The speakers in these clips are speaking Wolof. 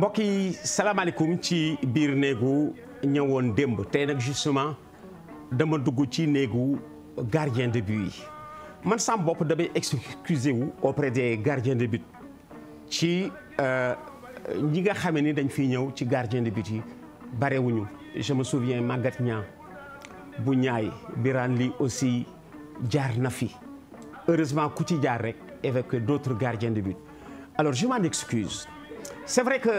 mbokk yi salaamaaleykum ci biir néegu ñëwoon démb tey nag justement dama dugg ci néegu gardien de but man sam bopp damay excusé wu auprès des gardiens de but ci euh, ñi nga xamee ni dañ fi ñëw ci gardien de but yi barewuñu je me souviens Maguette bu ñaay Birane Ly aussi jaar na fi heureusement ku ci jaar rek avec d'autres gardiens de but alors je m'en excuse c'est vrai que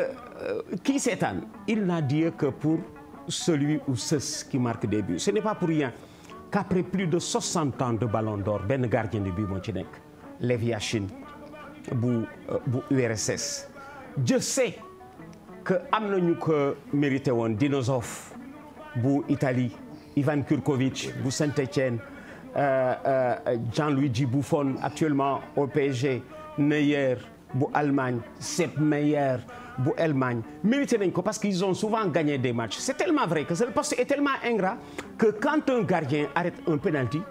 kii euh, seetaan il n'a Dieu que pour celui ou ceux qui marquent des buts ce n'est pas pour rien qu'après plus de 60 ans de ballon d'or benn gardien de but moo ci nekk Lev bu euh, bu URSS je sais que am nañu ko mérité woon Dinozof bu Italie Ivan Kurkovic bu Saint-Étienne euh, euh, Gianluigi Buffon actuellement au PSG Neuer bu Allemagne Sepp Meyer bu Allemagne mérité nañ ko parce qu'ils ont souvent gagné des matchs c'est tellement vrai que ce poste est tellement ingrat que quand un gardien arrête un penalty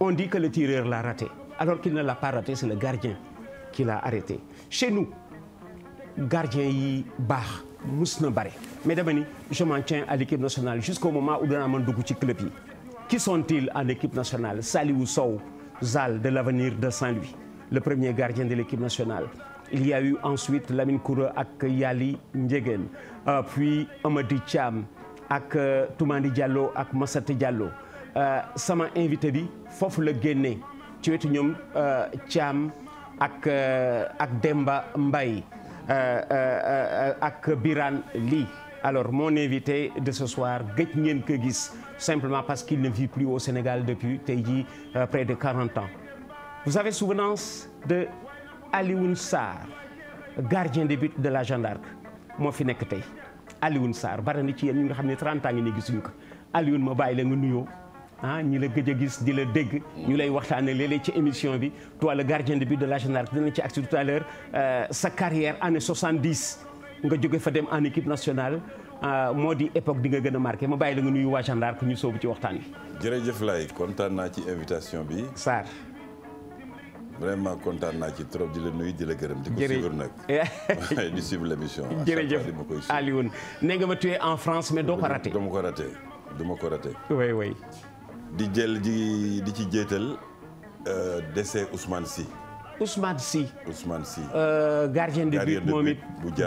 on dit que le tireur l'a raté alors qu'il ne l'a pas raté c'est le gardien qui l'a arrêté chez nous gardien yi baax mus na bare mais dama ni je m'en tiens à l'équipe nationale jusqu'au moment où danaa mën dugg ci club yi qui sont-ils en équipe nationale Saliou Sow Zal de l'avenir de saint le premier nationale il y a eu ensuite Lamine Koura ak Yali Ndiéguen euh, puis Amady Thiam ak euh, Toumani Diallo ak Massata Diallo euh, sama invité bi foofu la génnee ci wetu ñoom Thiam ak ak Demba Mbaye ak Birane Ly alors mon invité de ce soir gëj ngeen ko gis simplement parce qu'il ne vit plus au Sénégal depuis tey jii près de 40 ans vous avez souvenance de Alioune Sarr gardien de but de la Jeanne moo fi nekk tey Alioune saar bari na ci yéen ñi nga xam ne 30 ans ngi ne gisuñu ko Alioune ma bàyyi leen nga nuyoo ah ñi la gëj a gis di la dégg. ñu lay waxtaanee léeg-léeg ci émission bi toi le gardien de but de la Jeanne d'Arc dinañ ci agsi tout à l'heure euh, sa carrière année 70 nga jóge fa dem en équipe nationale. Euh, moo di époque bi nga gën a marqué ma bàyyi la nga nuyu waa gendarme ñu soobu ci waxtaan bi. jërëjëf lay kontaan naa ci invitation bi. Sarr vraiment kontaan naa ci trop di la nuyu di la gërëm. di ko suivre nag di suivre l' émission. jërëjëf Alioune nee nga ma tu es en France mais doo ko raté. dama ko raté dama ko rate oui oui. di jël di di ci jéetal euh, décès Ousmane si Ousmane Sy. Ousmane Sy euh, gardien de but moom it.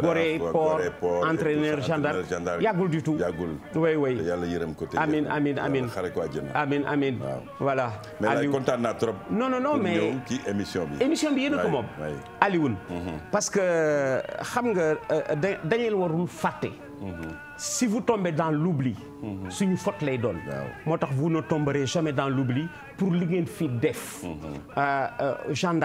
Gorée Port entraîneur gendarme yàggul du tout. yàggul way way yàlla yërëm ko te amiin amiin amiin xare ko àjjana bi. émission bi mhm. parce que euh, xam nga euh, da ngeen warul fàtte. Mhm. si vous tombez dans l'oubli mhm. suñu faute lay doon moo tax vous ne tomberez jamais dans l'oubli pour li ngeen fi def Jeanne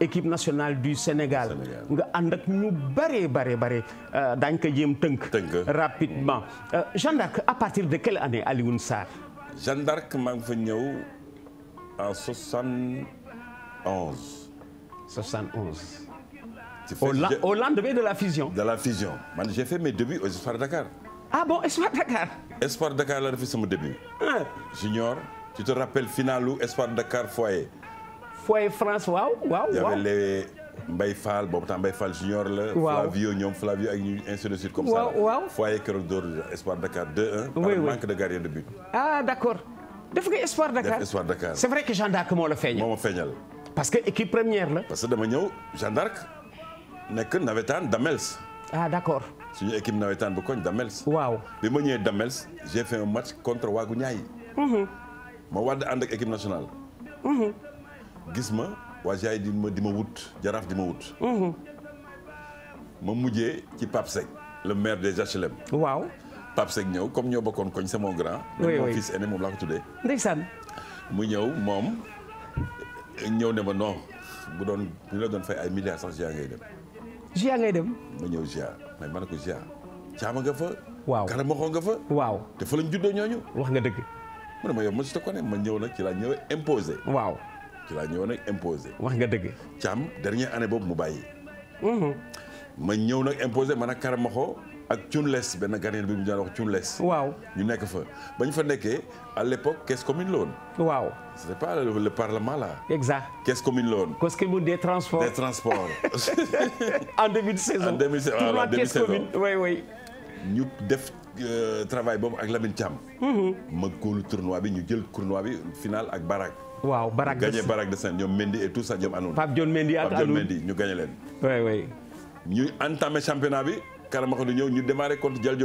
équipe nationale du Sénégal nga ànd ak ñu bare bare bare euh, daañ ko jéem tënk rapidement euh, Jeanne d'Arc à partir de quelle année Alioune Sarr Jeanne d'Arc maa ngi fa ñëw en au, la, au lendemain de la fusion de la fusion man j'ai fait mes débuts aux Dakar ah bon Espoir Dakar Espoir Dakar la def sama début ah. junior tu te rappelles finalu Espoir Dakar foyer foyer France waaw waaw waaw Mbaye Fall boobu tam Mbaye Fall junior la. waaw Flavio ñoom Flavio ak ñu de suite comme ça waaw waaw foyer Keroog Dóor Espoir Dakar 2-1. oui oui par manque de gardien de but. ah d' accord def nga Espoir Dakar def vrai que Jeanne d'Arc moo la feeñal ma feeñal. parce que équipe première la. parce que dama ñëw Jeanne d'Arc nekk nawetaan Damels. ah d' accord. suñu équipe nawetaan bu koñ Damels. waaw bi ma ñëwee Damels j'ai fait match contre Waagu Ñaay. Mhm. ma war di ànd ak gis ma waa jaay di ma di ma wut jaraaf di ma wut. Mhm. ma mujjee ci Pape Seck le maire de HLM. waaw Pape Seck ñëw comme ñoo bokkoon koñ sama grand. oui oui fils aîné moom laa ko tuddee. ndeysaan. mu ñëw moom ñëw ne ma non bu doon ñu la doon fay ay milliards sax GIA ngay dem. GIA ngay dem. ma ñëw GIA mais ma ne ko GIA caama nga fa. waaw kanam waxoo nga fa. waaw te fa lañ juddoo ñooñu. wax nga dëgg. mu ne ma yow ma si ko ne ma ñëw nag ci laa ñëwee imposé. waaw. ci laa ñëw nag imposé. wax nga dëgg. Thiam dernière année boobu mu bàyyi. Mm-hmm. ma ñëw nag imposé man ak Karamaxo ak Thiounlès benn ganeen bi mu daan wax Thiounlès. waaw ñu nekk fa ba ñu fa nekkee à l'époque caisse commune la woon. waaw c'est pas le, le parlement là. exact caisse commune la woon. caisse commune des transports des transports. en début de saison en début de saison tournoi caisse commune ñu def euh, travail boobu ak Lamine Thiam. Mm-hmm. ma góolu tournoi bi ñu jël tournoi bi final ak Barak. waaw Barak de Sène gagné Barak de Sène ñoom Mendy et tout ça ñoom Anoun. Pape John Mendy ak Anoun Pape John Mendy ñu gagné leen. oui oui. ñu entamé championnat bi Karamakho di ñëw ñu démarré contre Dial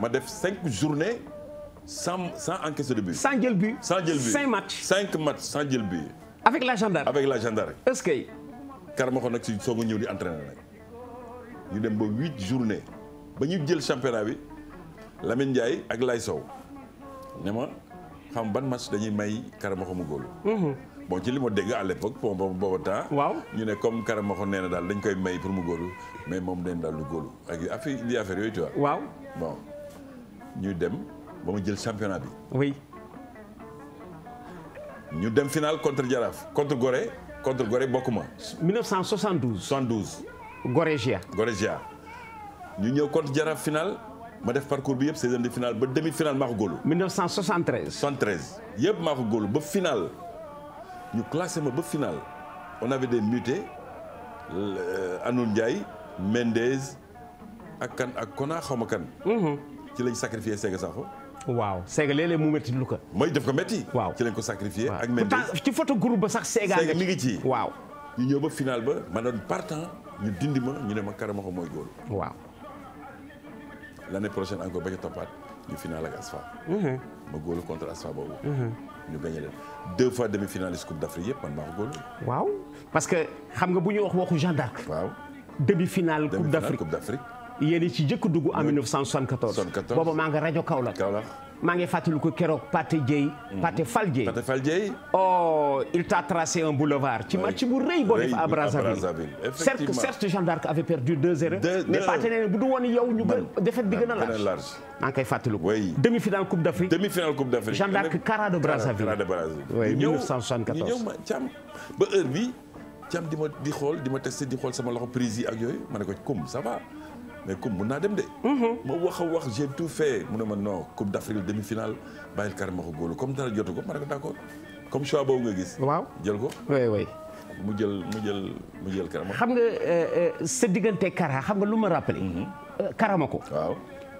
ma def cinq journées sans sans encaisser de but. sans jël but sans jël but cinq matchs. cinq matchs jël but. avec la gendarme avec la gendarme. est-ce que. Karamakho nag si soog a ñëw di entraîner nag ñu dem ba huit journées ba ñu jël championnat bi Lamine Ndiaye ak Lay Sow ne ma. xam ban match dañuy may Karamokho mu góolu mhm. bon ci li ma dégg à l'époque bon booba temps waaw ñu ne comme Karamokho nee daal dañ koy may pour mu góolu mais moom dañ daal lu góolu ak affaire li affaire yooyu tu vois waaw ñu dem ba mu jël championnat bi oui ñu dem finale contre Jaraaf contre Gorée contre Gorée bokkuma 1972 72 Gorégia Gorégia ñu ñëw contre Jaraaf finale ma def parcours bi yëpp seizième de finale ba demi finale maa ko góolu. 1973. yëpp maa ko góolu ba finale ñu classé ma ba finale on avait des mutés euh, Anoun Ndiaye Mendez ak kan ak Kona xaw ma kan. Mhm. ci lañ sacrifié Sega Sakho. waaw Sega léeg-léeg mu métti lu ko. mooy def ko métti. waaw ci lañ ko sacrifié ak Mendez ci photo groupe ba sax Sega. Sega mi ngi ci waaw. ñu ñëw ba finale ba ma doon partant ñu dindi ma ñu ne ma Karamoko mooy góolu. waaw. l' année prochaine encore ba ca toppaat ñu final ak ASFA. Mhm. ma góolu contre ASFA boobu. Mhm. ñu gagné leen deux fois demi finaliste coupe d' Afrique man maa ko góolu. waaw parce que xam nga bu ñu wax waxu Jeanne d'Arc. waaw demi finale coupe d' Afrique demi finale coupe d' Afrique. yéen ci jëkk dugg en 1974. 1974 boobu maa nga rajo Kaolack. maa ngi fàttaliku keroog Pathé Dieye. Mhm. Pathé Fall Dieye Pathé Fall Dieye. oh il t'a tracé un boulevard. ci match bu rëy boo def à Brazzaville. effectivement certes certes Jeanne d'Arc avait perdu 2-0. mais Pathé nee na bu du woon yow ñu gën défaite bi gën a large. maa ngi koy fàttaliku. oui demi-finale Coupe d'Afrique. demi-finale Coupe d'Afrique. Jeanne de Brazzaville. Kara de Brazzaville. oui 1974. ñu di ma di xool di ma testé di xool sama loxo prise yi ak yooyu ma ne ko comme ça mais coupe mun naa dem de. Mhm. ma wax a wax j'ai tout fait mu ne ma non coupe d'Afrique demi-finale bàyyil Karim ma ko góolu comme dara jotu ko ma d'accord comme choix boobu nga gis. waaw jël ko oui mu jël mu jël mu jël xam nga euh, euh, sa diggante kara xam nga lu ma rappelé. Mhm. Euh, karama ko. waaw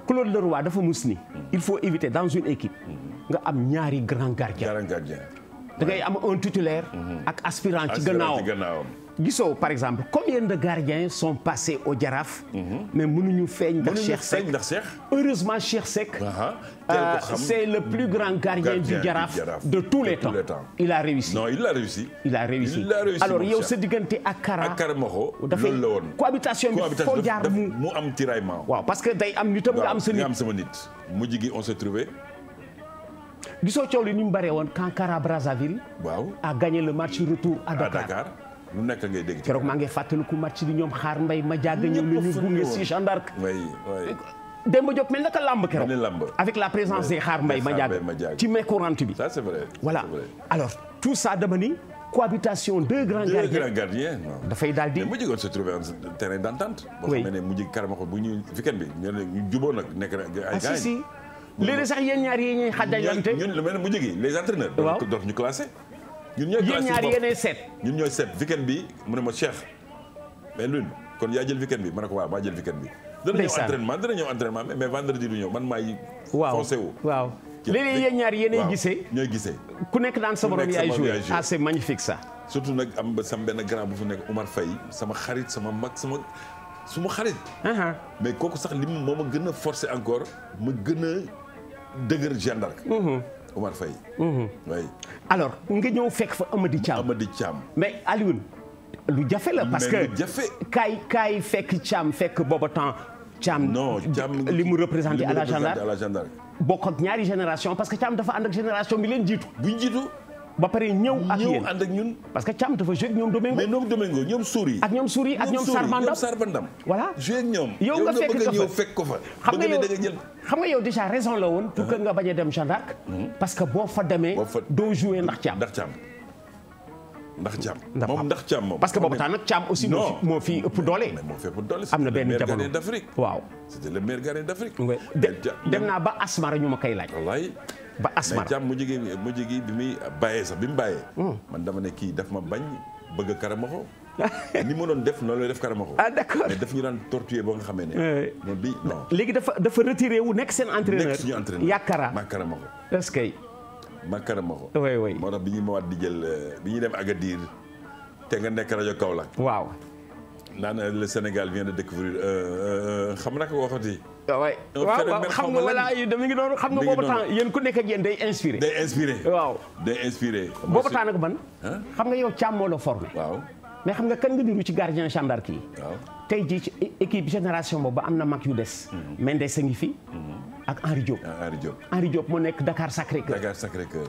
Claude Leroy dafa mus ni. Mhm. il faut éviter dans une équipe. nga am ñaari grand gardien. grand gardien da ngay am un titulaire. ak aspirant ci gannaawam gisoo par exemple combien de gardiens sont passés au Jaraaf. Mhm. mais mënuñu feeñ. ndax Cheikh Seck heureusement Cheikh Seck. Euh, c'est le plus grand gardien du Jaraaf de tous les temps il a réussi. il a réussi. il a réussi alors yow sa diggante ak Kara. ak Kara Mokho oh, loolu la woon cohabitation bi foo jaar mu am tiraillement. waaw parce que day am ñu tam nga am sa nit. am sama gi on s'est trouvé. gisoo coow ni mu baree woon quand Kara Brazzaville. a gagné le match retour à Dakar. lu nekk ngay dégg keroog maa ngi fàttaliku match bi ñoom xaar mbay ma jàgg ñëw la ñu gunge si Jeanne d'Arc Demba Diop mel na ka lamb keroog avec la présence des xaar mbay ma jàgg ci main courante bi ça c'est vrai tout ça dama ni cohabitation deux grands gardiens deux dafay daal di. mais mujj se trouver un terrain d'entente. bu ñu weekend bi ñu ne ñu jubóo nag nekk na ay ah, gars yi. ah si si léegi sax yéen ñaar yi ñuy xàjjalante. ñun lu mel ne les entraîneurs. waaw dootuñu classé. ñun ñooy yéen seet ñun ñooy seet weekend bi mu ne ma Cheikh mais lune kon yaa jël weekend bi ma ne ko waaw maa jël weekend bi dana ñëw entraînement dana ñëw entraînement mais vendredi du ñëw man yéen ñaar ñooy gisee ku nekk daan sama borom yaay joué ah c'est magnifique ça surtout nag am ba sama benn grand bu fa nekk Omar fay sama xarit sama mag sama su ma xarit uh-huh. mais kooku sax li moom ma gën a forcé encore ma gën a dëgër gendarme Omar Faye. Mhm. oui. alors nga ñëw fekk fa Amady Thiam Amady Thiam. mais Alioune lu jafe la. parce que kaay kaay fekk Thiam fekk booba temps. Thiam li mu représenté à la gendarme bokk ñaari génération parce que Thiam dafa ànd génération bi jiitu. bu jiitu. ba pare ñëw ak yéen ñun. parce que Thiam dafa joué ak ñoom Domingo. mais ñoom Domingo ñoom Souri. ak ñoom Souri ak ñoom Sarbandam ñoom Sarbandam. voilà joué ak ñoom. yow nga fekk ko fa xam nga yow xam nga déjà raison la woon. pour que uh-huh. nga bañ dem Jeanne d'Arc. Uh-huh. parce que boo fa demee. doo joué ndax Thiam ndax Thiam. ndax Thiam moom ndax Thiam moom. parce que boobu temps nag caam aussi. non moo fi ëpp doole. moo fi ëpp doole am na benn jamono waaw. c'était le meilleur gardien dem naa ba asmara ñu ma kay laaj. ba asmara mais jàmm mujj gi mujj gi bi muy bàyyee sax bi mu bàyyee. Hmm. man dama ne kii daf ma bañ bëgg karamaxo ni ma doon def noonu lay def karamaxo. ah d'accord ñu daan torturer ba nga xamee ne. mais bi non. léegi dafa dafa retiré wu nekk seen entraîneur. nekk suñu entraîneur yaakaara ma karamaxo. est-ce que. ma karamaxo. oui oui moo tax bi ñu mawaat di jël euh, bi ñuy dem Agadir te nga nekk rajo Kaolack. waaw. naan euh, le Sénégal vient de découvrir xam naka waxati. waaw waaw xam nga ah, wala mi ngi doon xam nga boobu temps yéen ku nekk ak day inspiré. day inspiré waaw. day inspiré. boobu temps nag xam nga yow càmmoo la formé. waaw mais xam nga kan nga niru ci gardien gendarme yi. waaw tey jii ci équipe génération boobu am na mag yu des. Hmm. Mendes a ngi fi. Hmm. ak Henri Diop ak ah, Henri Diop. Henri Diop moo nekk Dakar Sacré Cœur.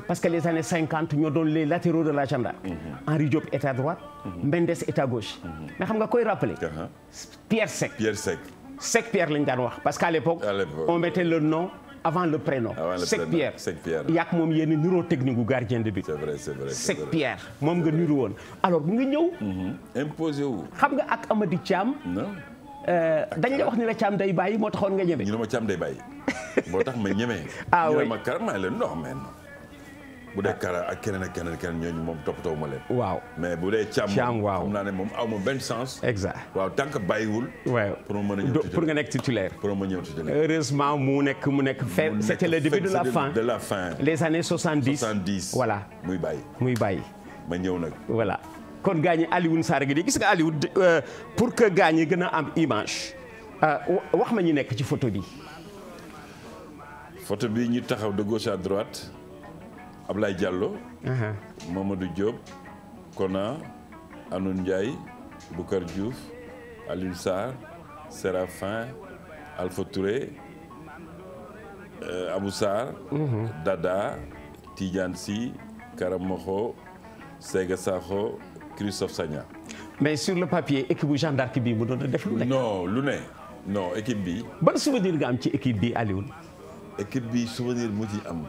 parce que les années cinquante ñoo doon les latéraux de l'agenda. Mhm. Henri Diop est droite. Mhm. Mendes est à gauche. Mhm. mais xam nga koy rappelé. Uh-huh. Pierre Seck Pierre Pierre lañ daan wax parce qu'à l'époque on mettait le nom. avant le prénom Seck Pierre yàq moom yéen niroo technique gu gardien de but. c'est Pierre moom nga niru woon alors bu nga ñëw. imposé wu. xam nga ak Amady Thiam. Euh, dañ la wax ni la Thiam day bàyyi moo taxoon nga ñeme. ñu ne ma Thiam day bàyyi moo tax ma ñeme. ah oui ma Kara leen non mais non bu dee Kara ak keneen ak keneen keneen ñooñu moom toppatoo ma leen. waaw mais bu dee Thiam. Thiam waaw xam naa ne moom aw ma benn sens. exact waaw tant bàyyiwul. waaw pour mën a ñëw nga nekk titulaire. pour ma mën a ñëw titulaire. mu nekk mu nekk fête c'était le début de la fin de la fin. les années 70 70 voilà muy bàyyi. muy bàyyi. ma ñëw nag voilà. kon gaañi Alioune Sarr gi di gis nga Alioune euh, pour que gaañi gën a am image euh, wax ma ñu nekk ci photo bi. photo bi ñu taxaw de gauche à droite Ablaye Diallo. Mamadou Diop Kona Anoun Ndiaye Boucar Diouf Alioune Sarr Séraphin Alpha Touré euh, Abou Sarr. Mhm. Dada Tidiane Sy Sega Sakho. Christophe Sagna. mais sur le papier équipe bu Jeanne d'Arc bii mu doon def lu nekk. non lu ne non équipe bi ban souvenir nga am ci équipe bi Alioune. équipe bi souvenir mu ci am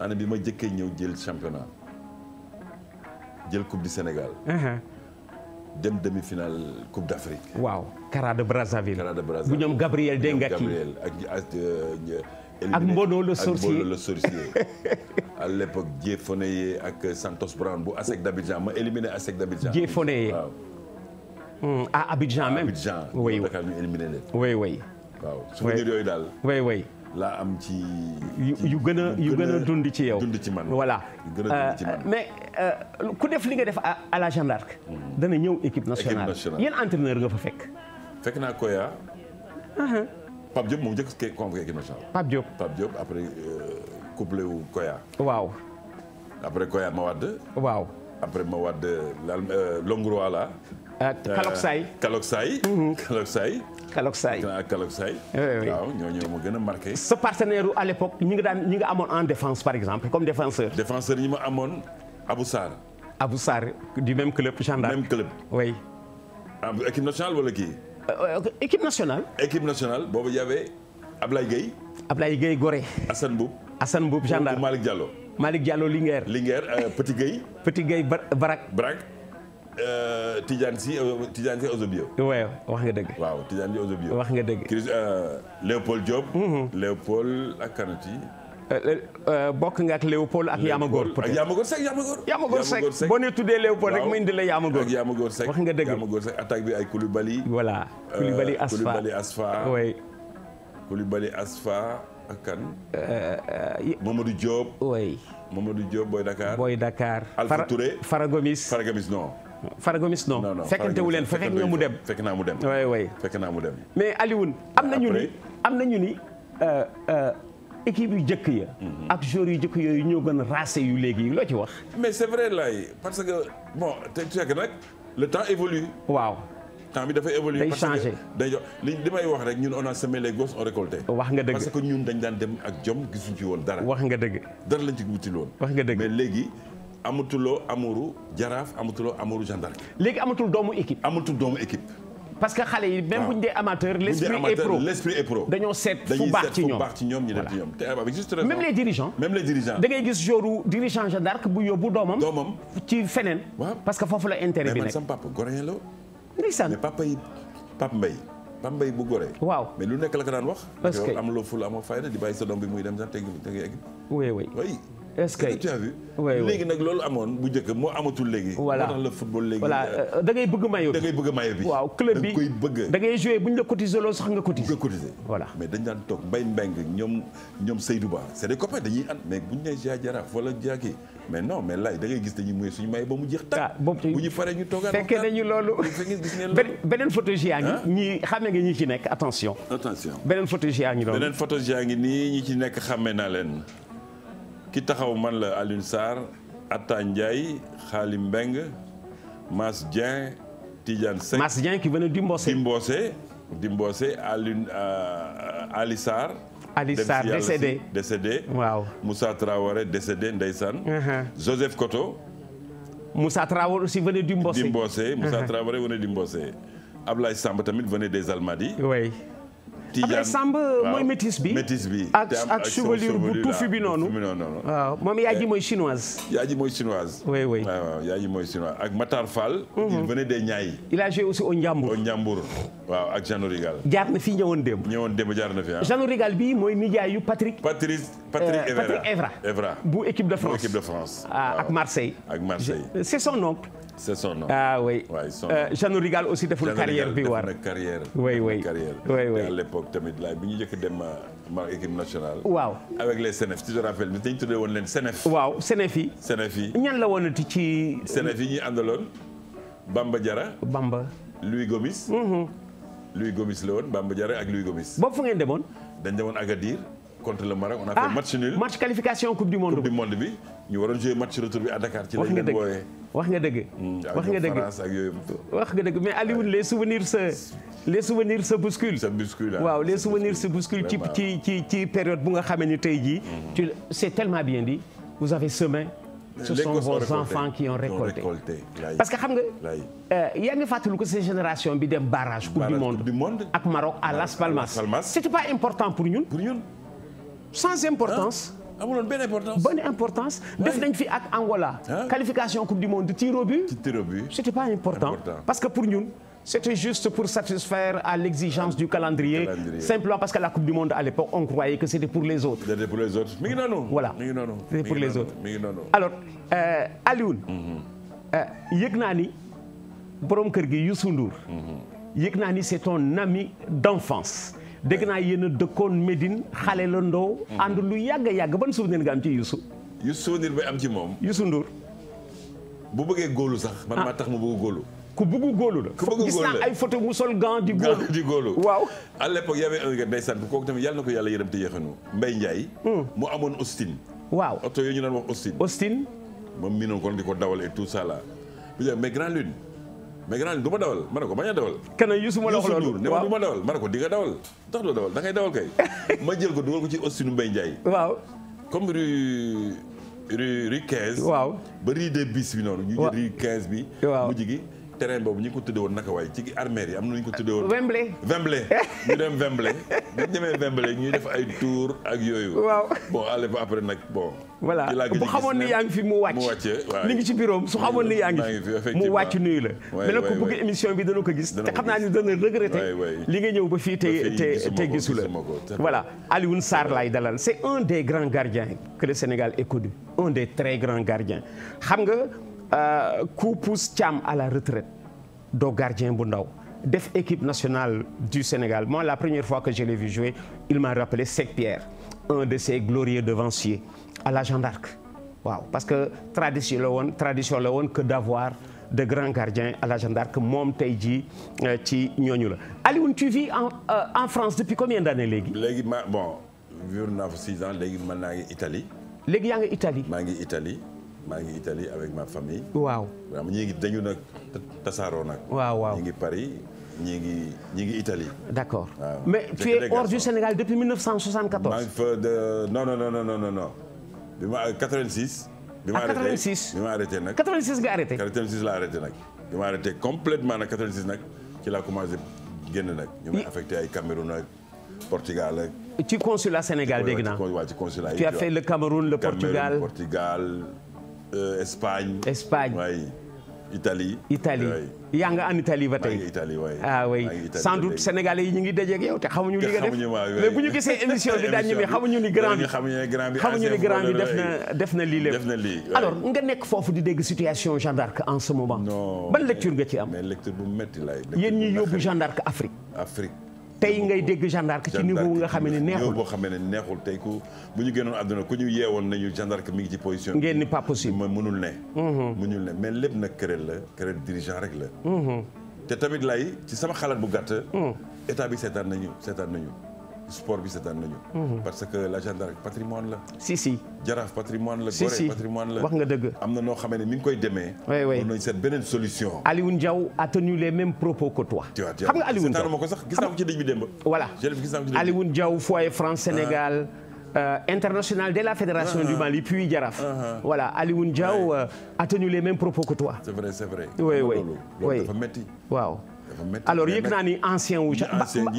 année bi ma jëkkee ñëw jël championnat jël coupe du Sénégal. Uh-huh. dem demi-finale Coupe d'Afrique. waaw Cara de Brazzaville. Cara de Brazzaville bu ñoom Gabriel Dengaki ak ak. Euh, ak Mbodo le sorcier ak Mbodo le sorcier à l'époque ak Santos Brown bu ASEC d'Abidjan ma éliminé ASEC d'Abidjan. Diéfonéyé waaw. Hmm, à Abidjan même Abidjan. oui oui ñu éliminé leen. oui yooyu daal. oui oui. laa am ci. yu gën a yu gën dund ci yow dund ci man. voilà euh, mais euh, ku def li nga def a la Jeanne d'Arc. Hmm. dana ñëw équipe nationale équipe nationale. yéen entraîneur nga fa fekk. fekk naa Koya. Uh-huh. Pape Diop moom njëkk convoqué équipe nationale. Pape Diop Pape Diop après euh, couplé wu Koya. waaw. après Koya Mawade. waaw. après Mawade euh, euh, Longrois la. Kaloksaay. Kaloksaay. Mm-hmm. Kaloksaay. Kaloksaay Kaloksaay. waaw ñooñu ma gën a marqué. sa partenaire à l'époque ñi nga daan ñi nga amoon en défense par exemple comme défenseur. défenseur ñi ma amoon Abou Sarr. Abou sar du même club gendarme. même club. oui. Ah, équipe nationale wala kii. Euh, euh, équipe nationale. équipe nationale boobu y avait Ablaye Gueye. Ablaye Gueye Gorée. Assane Mboup. Assane Mboup gendarme Malick Diallo. Malick Diallo Linguère. Linguère euh, Petit Gueye. Petit Gueye Barak. Barak. Tidiane si Tidiane si Ozobio. waaw wax nga dëgg. waaw Tidiane si Ozobio. wax nga dëgg. Léopold Diop. Mhm. Léopold ak kanati Euh, euh, euh, bokk nga ak Léopold ak Yamagor. peut être Yamagor Seck Yamagor. Yamagor Seck boo nee tuddee Léopold rek mu indi la Yamagor. ak Yamagor Seck wax nga dëgg Yamagor Seck bi ay Koulibaly. voilà Koulibaly Asfa Koulibaly Asfa. oui. Koulibaly Asfa ak kan. Mamadou Diop. oui. Boy Dakar. Faragomis. Faragomis non. Faragomis leen fekk mu dem. fekk naa mu dem. oui way fekk naa mu dem. mais Alioune am na ñu am na ñu équipe yu jëkk ya mhm. ak joueurs yu jëkk yooyu ñëw gën a raase yu léegi loo ci wax mais c'est vrai lay parce que bon te fekk nag le temps évolue waaw temps bi dafay évoluer day changé day jox li li may wax rek ñun on a semé les gosses on wax nga dëgg parce que ñun dañ daan dem ak jom gisuñ ci woon dara. wax nga dëgg. dara lañ ci wutil woon. wax nga dëgg mais léegi amatuloo amuru jaraaf amatuloo amuru gendarme. léegi amatul doomu équipe. amatul doomu équipe. parce que xale yi même bu ñu dee amateur l'esprit est pro l'esprit est pro dañoo seet fu baax ci ñoom baax les dirigeants même les dirigeants da gis joru dirigeant Jeanne bu yóbbu doomam ci feneen parce que foofu la intérêt bi nekk mais man sama papa goréen la ndeysaan mais papa goree waaw mais lu nekk la ko daan wax am loo ful amoo fayda di bàyyi sa doom bi muy dem sax tegi tegi egg oui oui est-ce que léegi nag loolu amoon bu njëkk moo amatul léegi. voilà moo tax la football léegi. voilà euh, euh, da ngay bëgg maillot bi da bëgg maillot bi. waaw club bi da koy bëgg. da ngay bu ñu la cotisé loolu sax nga cotisé. nga cotisé voilà. mais toog mbay mbeng ñoom ñoom Seydou Ba c'est des copains dañuy ànd mais bu ñu nee Gia Jaraaf wala Gia kii ba mu jeex. ah boobu bu ñu faree ñu toogaan. fekkee nañu loolu beneen photo Gia ngi. ñi xàmme nga ñi ci nekk attention. attention beneen photo Gia ngi noonu. beneen photo Gia ngi nii ñi ci nekk xàmme naa leen ki taxaw man la Alioune Sarr Atta Ndiaye Khalim Mbengue Mass Dieng Tidiane Seck Mass Dieng qui venait Dimbose Dimbose Dimbose Alioune euh, Ali Sarr Ali Sarr décédé décédé waaw Moussa décédé ndeysaan uh-huh. Joseph Koto Moussa Traoré aussi venait Dimbose Dimbose Moussa uh-huh. Traoré venait Dimbose Ablaye Samba tamit venait des Almadies Ablaye Samb mooy métis bi métis bi ak ak bu tuufi bi noonu waaw moom yaa ji eh, mooy chinoise yaa mooy chinoise oui oui waaw yaa mooy chinoise ak Matar Fall mhm. il venait des Niayes il a joué aussi au Ndiambour au Ndiambour waaw ak Jean Rigal jaar na fi ñëwoon démb ñëwoon démb jaar na fi ah. Rigal bi mooy nijaayu Patrick Patrice Patrick euh, Evra bu équipe de France bu équipe ah, ak Marseille ak Marseille c'est son oncle c'est son nom waay ah, son nom euh, Jeannot Rigal aussi deful carrière bi war Jeannot Rigal def na carrière. oui tamit laay bi ñu njëkk dem euh, ma équipe waaw avec les Senef tu te rappelles ni woon leen Senef. waaw Senef yi. Senef yi ñan la woonati ci. Senef yi ñuy àndaloon Bamba jara Bamba. Louis Gomis. Mhm. Louis Gomis la woon Bamba Diarra ak Louis Gomis. boobu fu ngeen demoon. dañ demoon Agadir. contre le Maroc on ah, match qualification coupe du monde bi. ñu waroon jouer match retour bi à Dakar. ci lañ leen wooyee wax nga dëgg hmm, wax nga dëgg wax nga dëgg mais Alioune les souvenirs se les souvenirs se bousculent. waaw les souvenirs se bousculent ci période bu nga xamee ni tey jii. Hmm. c'est tellement bien dit vous avez semé. ce sont vos enfants qui ont récolté parce que xam nga euh, yaa ngi fàttaliku ko cette génération bi dem barrage coupe du monde ak Maroc à Las Palmas c'était pas important pour sans importance. amuloon benn importance benn def nañ fi ak Angola. qualification coupe du monde tir au but. c'était pas important. parce que pour ñun. c'était juste pour satisfaire à l'exigence du calendrier, calendrier simplement parce que la Coupe du monde à l'époque on croyait que c'était pour les autres. C'était pour les autres. mi ngi noonu. voilà mi yëg naa ni kër gi Youssou Ndour. Mm-hmm. naa ni c'est ton ami d'enfance. dégg naa yéen a dëkkoon Médine xale la ndoo mm. ànd lu yàgg yàgg ban souvenir nga am ci Youssou Youssou souvenir bi am ci moom Youssou Ndour bu bëggee góolu sax man ah. maa tax mu bëgg góolu ku bëggu góolu la ku bëggu góolu gis naa ay photo mu sol gant di góolu di góolu waaw à l'époque y avait un gars ndeysaan kooku yàlla na ko yàlla yërëm te yéexanu Mbaye hmm. mu amoon Austin waaw oto yooyu ñu daan wax Austin Austin moom mii kon di ko dawal et tout ça là mais Grand Lune mais grand du ma dawal ma ne ko a dawal. keneen Youssou ma la wax loolu ne ma du ma dawal ma ne ko di nga dawal ndax dawal da dawal kay. ma jël ko dugal ko ci Ostinu Mbaye Ndiaye. waaw comme rue rue rue ba rue de bis bi noonu. ñu jël rue 15 bi. waaw mujj gi terrain boobu ñu ngi ko tuddee woon naka waay ci armère yi am na ñu ko tuddee woon. Wembley Wembley ñu dem Wembley bu ñuy def ay tour ak yooyu. waaw bon allez ba après nag bon. voilà bu xamoon ni yaa ngi fi mu wàcc mi ngi ci biroom su xamoon ni yaa ngi fi mu wàcc nuyu la mais ko bëgg émission bi dana ko gis te xam naa ni dana regretté li nga ñëw ba fii te te te gisu la voilà Alioune Sarr laay dalal c'est un des grands gardiens que le Sénégal est connu un des très grands gardiens xam nga euh, ku pousse à la retraite doo gardien bu ndaw def équipe nationale du Sénégal moi la première fois que je l'ai vu jouer il m'a rappelé Seck Pierre un de ses glorieux devanciers à la Jeanne waaw parce que tradition la woon tradition la woon que d'avoir de grands gardiens à la Jeanne moom tey jii euh, ci ñooñu la Alioune tu vis en euh, en France depuis combien d'années léegi. léegi ma bon vivre naa fa six ans léegi man naa ngi Italie. léegi yaa ngi Italie. maa ngi Italie maa ngi Italie avec ma famille. waaw waaw ngi dañu nag tasaaroo nag. waaw waaw ñi ngi Paris. ñi ngi ñi ngi Italie. d'accord ah, mais tu es hors du Sénégal depuis 1974. maa ngi fa de non non non non non non bi ma 86. Ah, bi ma arrêté 86 nga arrêté la arrêté nag. bi ma arrêté complètement nag 86 ci laa commencé génn nag. ñu may affecté ay Cameroun ak Portugal ak. ci consulat Sénégal dégg naa waaw ci consulat yi. tu as fait le Cameroun le Portugal Cameroun Portugal euh, Espagne. Espagne Italie Italie yaa nga en Italie ba tey ah oui yi ñu ngi dajeeg yow te xamuñu li nga def mais bu ñu gisee émission bi daañu ñëwee xamuñu ni grand bi xamuñu ni grand bi def na def na lii lépp nga nekk foofu di dégg situation Jeanne d'Arc en ce moment ban lecture nga ci am mais lecture bu métti laay yéen ñi yóbbu Jeanne Afrique tey ngay dégg Jeanne d'Arc ci niveau nga xam ne neexul boo xam ne neexul tey ku bu ñu génnoon àdduna ku ñu yeewoon nañu Jeanne d'Arc mi ngi ci position ngeen ni pas ma mënul ne mënul mhm. ne mais lépp nag këréel la këréel dirigeant rek la mhm. te tamit lay ci sama xalaat bu gàtt mhm. état bi seetaan nañu seetaan nañu sport bi seetaan nañu. Mhm. parce que la gendarmerie patrimoine la. si si. jaraaf patrimoine la. si wax nga dëgg. am na noo xamee ne mi ngi koy demee. oui oui mën nañu seet solution. Alioune Diaw a tenu les mêmes propos que toi. xam nga Alioune Diaw seetaanuma ko sax gis naa ko ci dëj bi démb. voilà Alioune foyer France ah. Sénégal. Euh, international de la fédération uh ah. -huh. du Mali puis Jaraaf. Uh ah. -huh. voilà Alioune Diaw ouais. Euh, a tenu les mêmes propos que waaw. alors yëg naa ni ancien wu.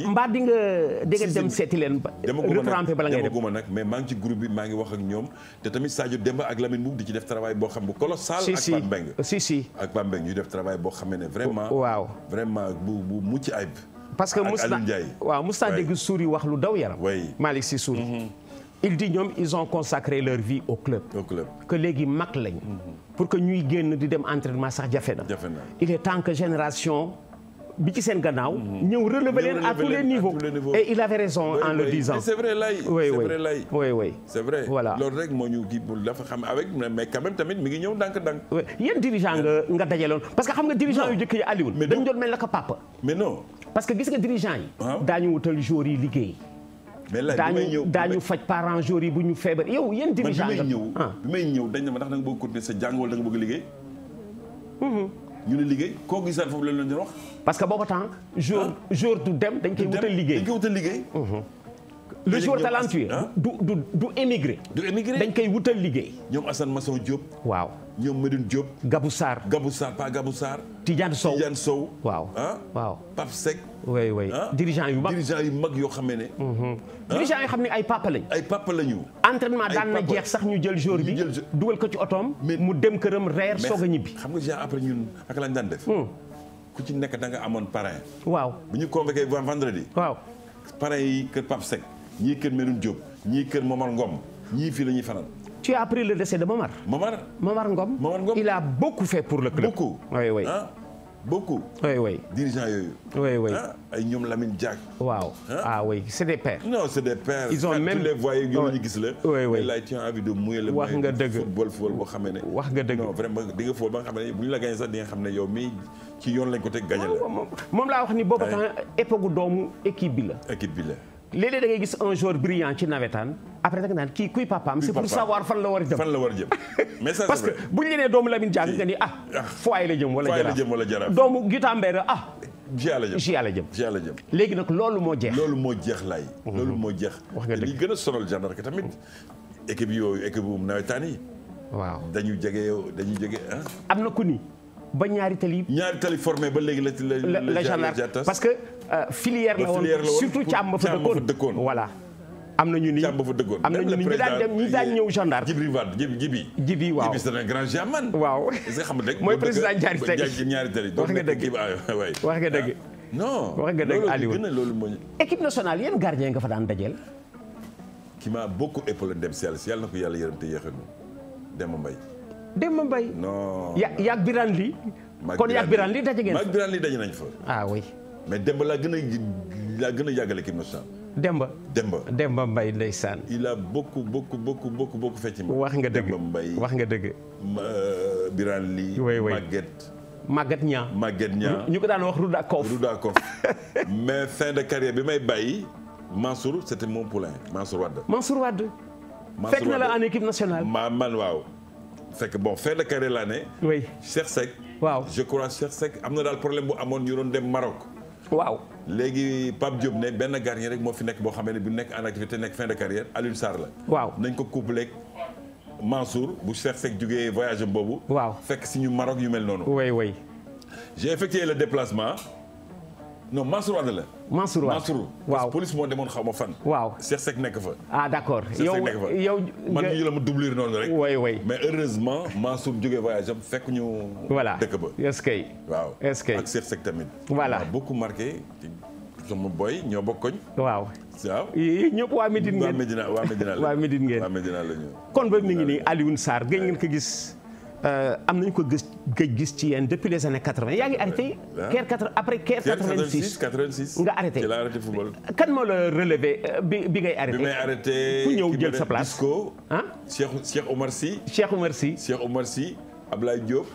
mbaa di nga di dem seeti leen. retrempé bala ngay mais maa ngi ci groupe bi maa ngi wax ak ñoom te tamit Sadio Demba ak Lamine Mboub di ci def travail boo xam bu colossal. ak Pape Mbengue def travail boo xam ne vraiment. waaw vraiment bu bu mucc ayib. parce que mus na waaw mus naa dégg suur yi wax lu daw yaram. oui Malick si suur mm-hmm. il di ñoom ils ont consacré leur vie au club. au club que léegi mag lañ. Mm-hmm. pour que ñuy génn di dem entraînement sax jafe na. il est temps que génération. bi ci seen gannaaw. Mhm. ñëw relever leen à tous les niveaux et il avait raison en le disant. c'est vrai lay oui oui oui c'est vrai voilà loolu rek moo ñu kii pour dafa xam nga nga dajaloon parce que xam yu njëkk doon mel ne que papa. mais parce que gis nga dirigeant yi. Ah. daañu wutal jour liggéey. daañu faj parents jour bu ñu feebar yow yan dirigeant ah. bi may ñëw dañ ne ma ndax da nga bëgg sa jàng wala da bëgg liggéey mhm. ñu ne liggéey koo gisaan foofu lañ leen di wax. parce que booba temps jour ah. jour du dem dañ koy wutal liggéey dañ koy wutal liggéey. Mhm. le joueur talentueux du du du émigré. du émigré dañ koy wutal liggéey. ñoom Assane Masson Diop. waaw ñoom Medoune Diop. Gabou Sarr Gabou Sarr pas Gabou Sarr. Tidiane Sow Tidiane Sow. waaw ah? waaw Pape waay oui oui ah? dirigeant yu mag dirigeant yu mag yoo xam ne. Mhm. Ah? dirigeant yoo xam ne ay papa lañ. ay papa lañu. entraînement daan na jeex sax ñu jël jour bi dugal ko ci otoom. mu dem këram reer soog ñibbi. xam nga genre après ñun ak lañ daan def. Hmm. ku ci nekk da nga amoon parrain. waaw bu ñu convoqué vendredi. waaw parrain yi kër Pape Seck. ñii kër Medoune Diop ñii kër Momar Ngom ñii fii la ñuy fanaan. tu as appris le décès de Momar. Momar Momar Ngom. Momar Ngom il a beaucoup fait pour le club. beaucoup oui oui ah beaucoup. oui oui dirigeants yooyu. oui oui ah, ñoom Lamine Diack. waaw ah. ah oui c'est des pères. non c'est des pères. ils oh, gis la. oui oui mais là tu de mouiller le wax nga dëgg boo xamee ne. wax nga dëgg non bu ñu la gagné sax di nga xam ne yow mii ci yoon lañ ko teg gagné la. moom laa wax ni boobu temps époque doomu bi la. équipe bi la. léeg-léeg gis un joueur brillant ci nawetaan après da nga naan kuy papaam c'est pour savoir fan la war a jëm la war a jëm mais ça parce que bu ñu doomu Lamine Diack nga ni ah, ah. Foy la jëm wala Jaraaf Foy la jëm wala Jaraaf doomu Guita Mbere ah Gia la léegi nag loolu moo jeex loolu moo jeex laay mhm. loolu moo jeex wax nga dëgg gën a sonal gendarme tamit mhm. équipe yooyu équipe bu nawetaan yi waaw dañu jege dañu jege am na ku ni ba ñaari tali. ñaari tali formé ba léegi la la gendarme parce que euh, filière la woon surtout càmm ba fa dëkkoon voilà. am na ñu ni càmm ba fa dëkkoon am na ñu ni ñu daan dem ñu daan ñëw gendarme. Djibril waaw xam nga dëgg mooy président ñaari tali ñaari tali wax nga dëgg wax nga dëgg. Ah, non wax nga dëgg Aliou loolu mooy équipe nationale yéen gardien nga fa daan dajeel. qui m'a beaucoup épaulé dem si yàlla si yàlla na ko yàlla yërëm te yéexal Demba Mbaye Demba Mbaye. non ya yaag Birane Ly. kon yaag Birane Ly daje ngeen fa. maag Birane Ly daje nañ fa. ah oui. mais Demba laa gën a laa gën a yàggale kii nationale. Demba Demba Demba ndey saan il a beaucoup beaucoup beaucoup beaucoup beaucoup fecc ma. wax nga dëgg Demba Mbaye wax nga dëgg. Euh, Birane lii oui oui Maguette. Maguette Niang Maguette Niang ñu ko daan wax Ruda Kof Ruda Kof mais fin de carrière bi may bàyyi Mansour c'était mon poulain Mansour Wade. Mansour Wade. Mansour Wade fekk na la en équipe nationale. ma man waaw. fekk bon fin de carrière laa ne. oui Cheikh Seck. waaw je crois Cheikh Seck am na daal problème bu amoon ñu doon dem Maroc. waaw léegi Pape Diop ne benn gardien rek moo fi nekk boo xamee ne bu nekk en activité nekk fin de carrière Alioune Sarr la. waaw nañ ko couplé Mansour bu Cheikh Seck jugee voyage boobu. waaw fekk si ñu Maroc yu mel noonu. oui oui. je effectué la déplacement. non Mansour Wade la. Mansour Wade Mansour. waaw police moo demoon xaw ma fan. waaw Cheikh Seck nekk fa. ah d'accord yow yow man mii la ma doublir noonu rek. way way mais heureusement Mansour jógee voyage am fekk ñu. voilà dëkk ba est-ce que. waaw est-ce que ak Cheikh Seck tamit. voilà beaucoup marqué. sama boy ñoo bokkoñ. waaw. waaw yii ñëpp waa Médine ngeen waa Médine waa Médine la ñu. waa Médine ngeen. waa Médine la ñu. kon ba mi ngi nii Alioune Sarr gën ngeen ko gis. Euh, am nañu ko gës gëj gis ci yéen depuis les années 80 yaa ngi arrêté. Caire 80 après Caire 86 86 nga arrêté ci la arrêté football. kan moo la relevé euh, bi bi ngay arrêté. bi may arrêté ku ñëw jël sa place Disco. ah Cheikh Cheikh Omar Sy. Cheikh Omar Sy. Cheikh Omar Sy Ablaye Diop.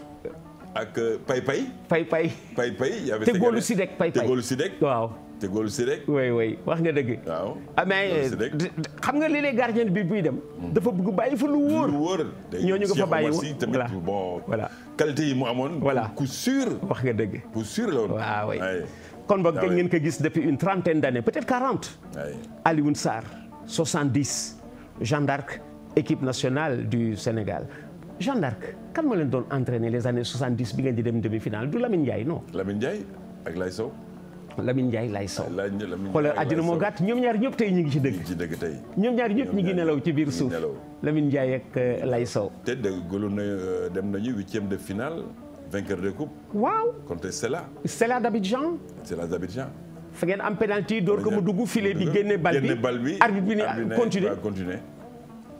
ak euh, Pay Pay. Pay Pay. Pay Pay y' avait. Tegolu Sidek Pay Pay Tegolu Sidek waaw. te góor si rek. oui oui wax nga dëgg. waaw ah, mais xam nga léeg-léeg gardien bi buy dem. dafa bëgg bàyyi fu lu wóor. lu wóor ñooñu nga fa bàyyi woon voilà bon qualité yi mu amoon. voilà ku sûr. wax nga dëgg ku sûr la woon. kon boog ngeen ko gis depuis une trentaine d' années peut être quarante. waaw Alioune Sarr soixante dix. Jeanne d'Arc équipe nationale du Sénégal. Jeanne d'Arc kan ma leen doon entraîner les années bi ngeen di dem demi-finale du Lamine Ndiaye non. Lamine Ndiaye lay sow xoolal àddina moo gàtt ñoom ñaar ñëpp tey ñu ngi ci dëgg ci dëgg tey ñoom ñaar ñëpp ñu ngi nelaw ci biir suuf Lamine Ndiaye ak euh, lay sow te dëggalu na euh, dem nañu huitième de finale vainqueur de coupe waaw kon tey Stella Stella d'Abidjan Stella d'Abidjan fa ngeen am penalty door ko mu dugg filet bi génne bal bi arbitre bi ne continuer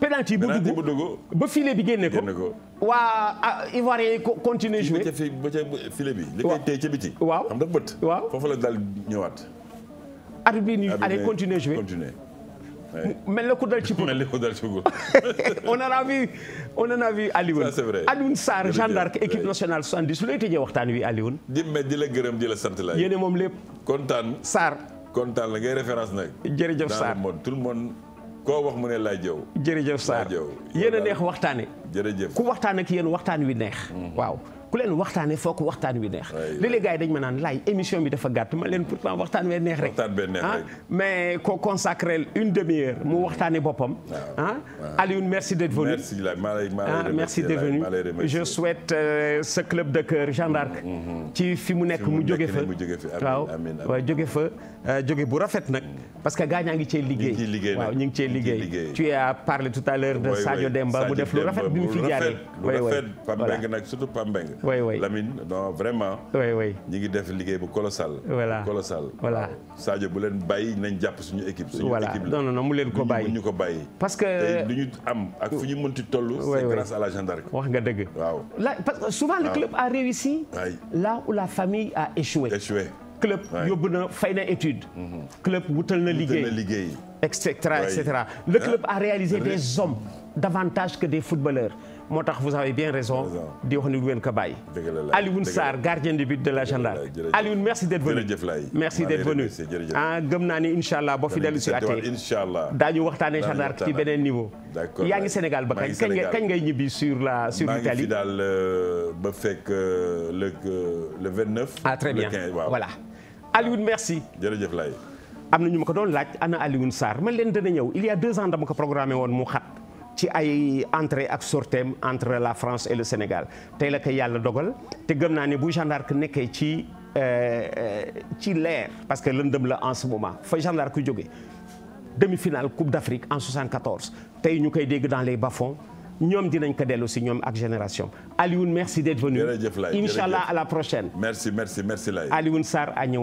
penalty bu dugg ba filet bi génne ko. waa ah, Ivoirien yi continuer jouer. ba ca bi. li koy téye ca biti. waaw xam nga bët. waaw foofu la daal ñëwaat. arbitre bi ñu allez continuer jouer mel na ku dal ci mel on en a vu on a vu Alioune. ça c'est vrai Alioune Sarr Jeanne d'Arc équipe nationale 70 looy tëjee waxtaan wi Alioune. di mais di la gërëm di la sant la. yéen moom lépp. kontaan Sarr. kontaan la ngay référence nag. jërëjëf Sarr dans koo wax mu ne laa jëw jërëjëf Sarr yéen a neex waxtaane jërëjëf ku waxtaan ak yéen waxtaan wi neex mm. waaw ku leen waxtaanee foo ko waxtaan wi neex léeg-léeg gars dañ ma naan laay émission bi dafa gàtt ma leen pourtant waxtaan wee neex rek ah mais ko consacré une demi-heure mu mm. waxtaanee boppam ah, ah, ah Alioune merci d'être venu merci ah, d'être venu je souhaite euh, ce club de cœur Jeanne d'Arc mm, mm, ci fi mu nekk mu jóge fa waaw waaw jóge fa euh, jóge bu rafet nag parce que gars ñaa ngi cee liggéey waaw ñu ngi cee liggéey tu as parlé tout à l'heure de Sadio Demba mu def lu rafet bi mu fi jaaree way way Pape Mbengue nag surtout Pape Mbengue oui oui Lamine vraiment. oui oui ñi ngi def liggéey bu colossal. voilà colossal. voilà Sadio bu leen bàyyi nañ jàpp suñu équipe. suñu équipe la non non mu leen ko bàyyi ñu ko bàyyi. parce que tey lu ñu am ak fu ñu mënti toll. c'est grâce à la gendarmerie. wax nga dëgg. la parce que souvent le ah. club a réussi. là où la famille a échoué. échoué. club yóbbu na fay na étude. Mhm. club wutal na liggéey wutal na liggéey. et cetera le ah. club a réalisé des hommes. davantage que des footballeurs moo tax vous avez bien raison di wax ni du ngeen ko bàyyi Alioune Sarr gardien de but de la gendarme Alioune merci d'être venu merci d'être venu ah naa ni incha allah boo fi dellu si atee daañu waxtaanee gendarme ci beneen niveau yaa ngi Sénégal ba kañ kañ ngay ñibbi sur la sur l'Italie maa ngi daal euh, ba fekk euh, le euh, le vingt neuf ah très bien voilà Alioune merci jërëjëf lay am na ñu ma ko doon laaj ana Alioune Sarr man leen dana ñëw il y a deux ans dama ko programmé woon mu xat ci ay entrée ak sorteem entre la France et le Sénégal tey la ko yàlla dogal te gëm naa ne bu Jeanne d'Arc nekkee ci euh, euh, ci leer parce que lëndëm la en ce moment fa Jeanne d'Arc jóge demi-finale Coupe d'Afrique en 74 tey ñu koy dégg dans les bas-fonds ñoom dinañ ko dellu si ñoom ak génération Alioune merci d'être venu. jërëjëf allah à la prochaine. merci merci merci a ñëw.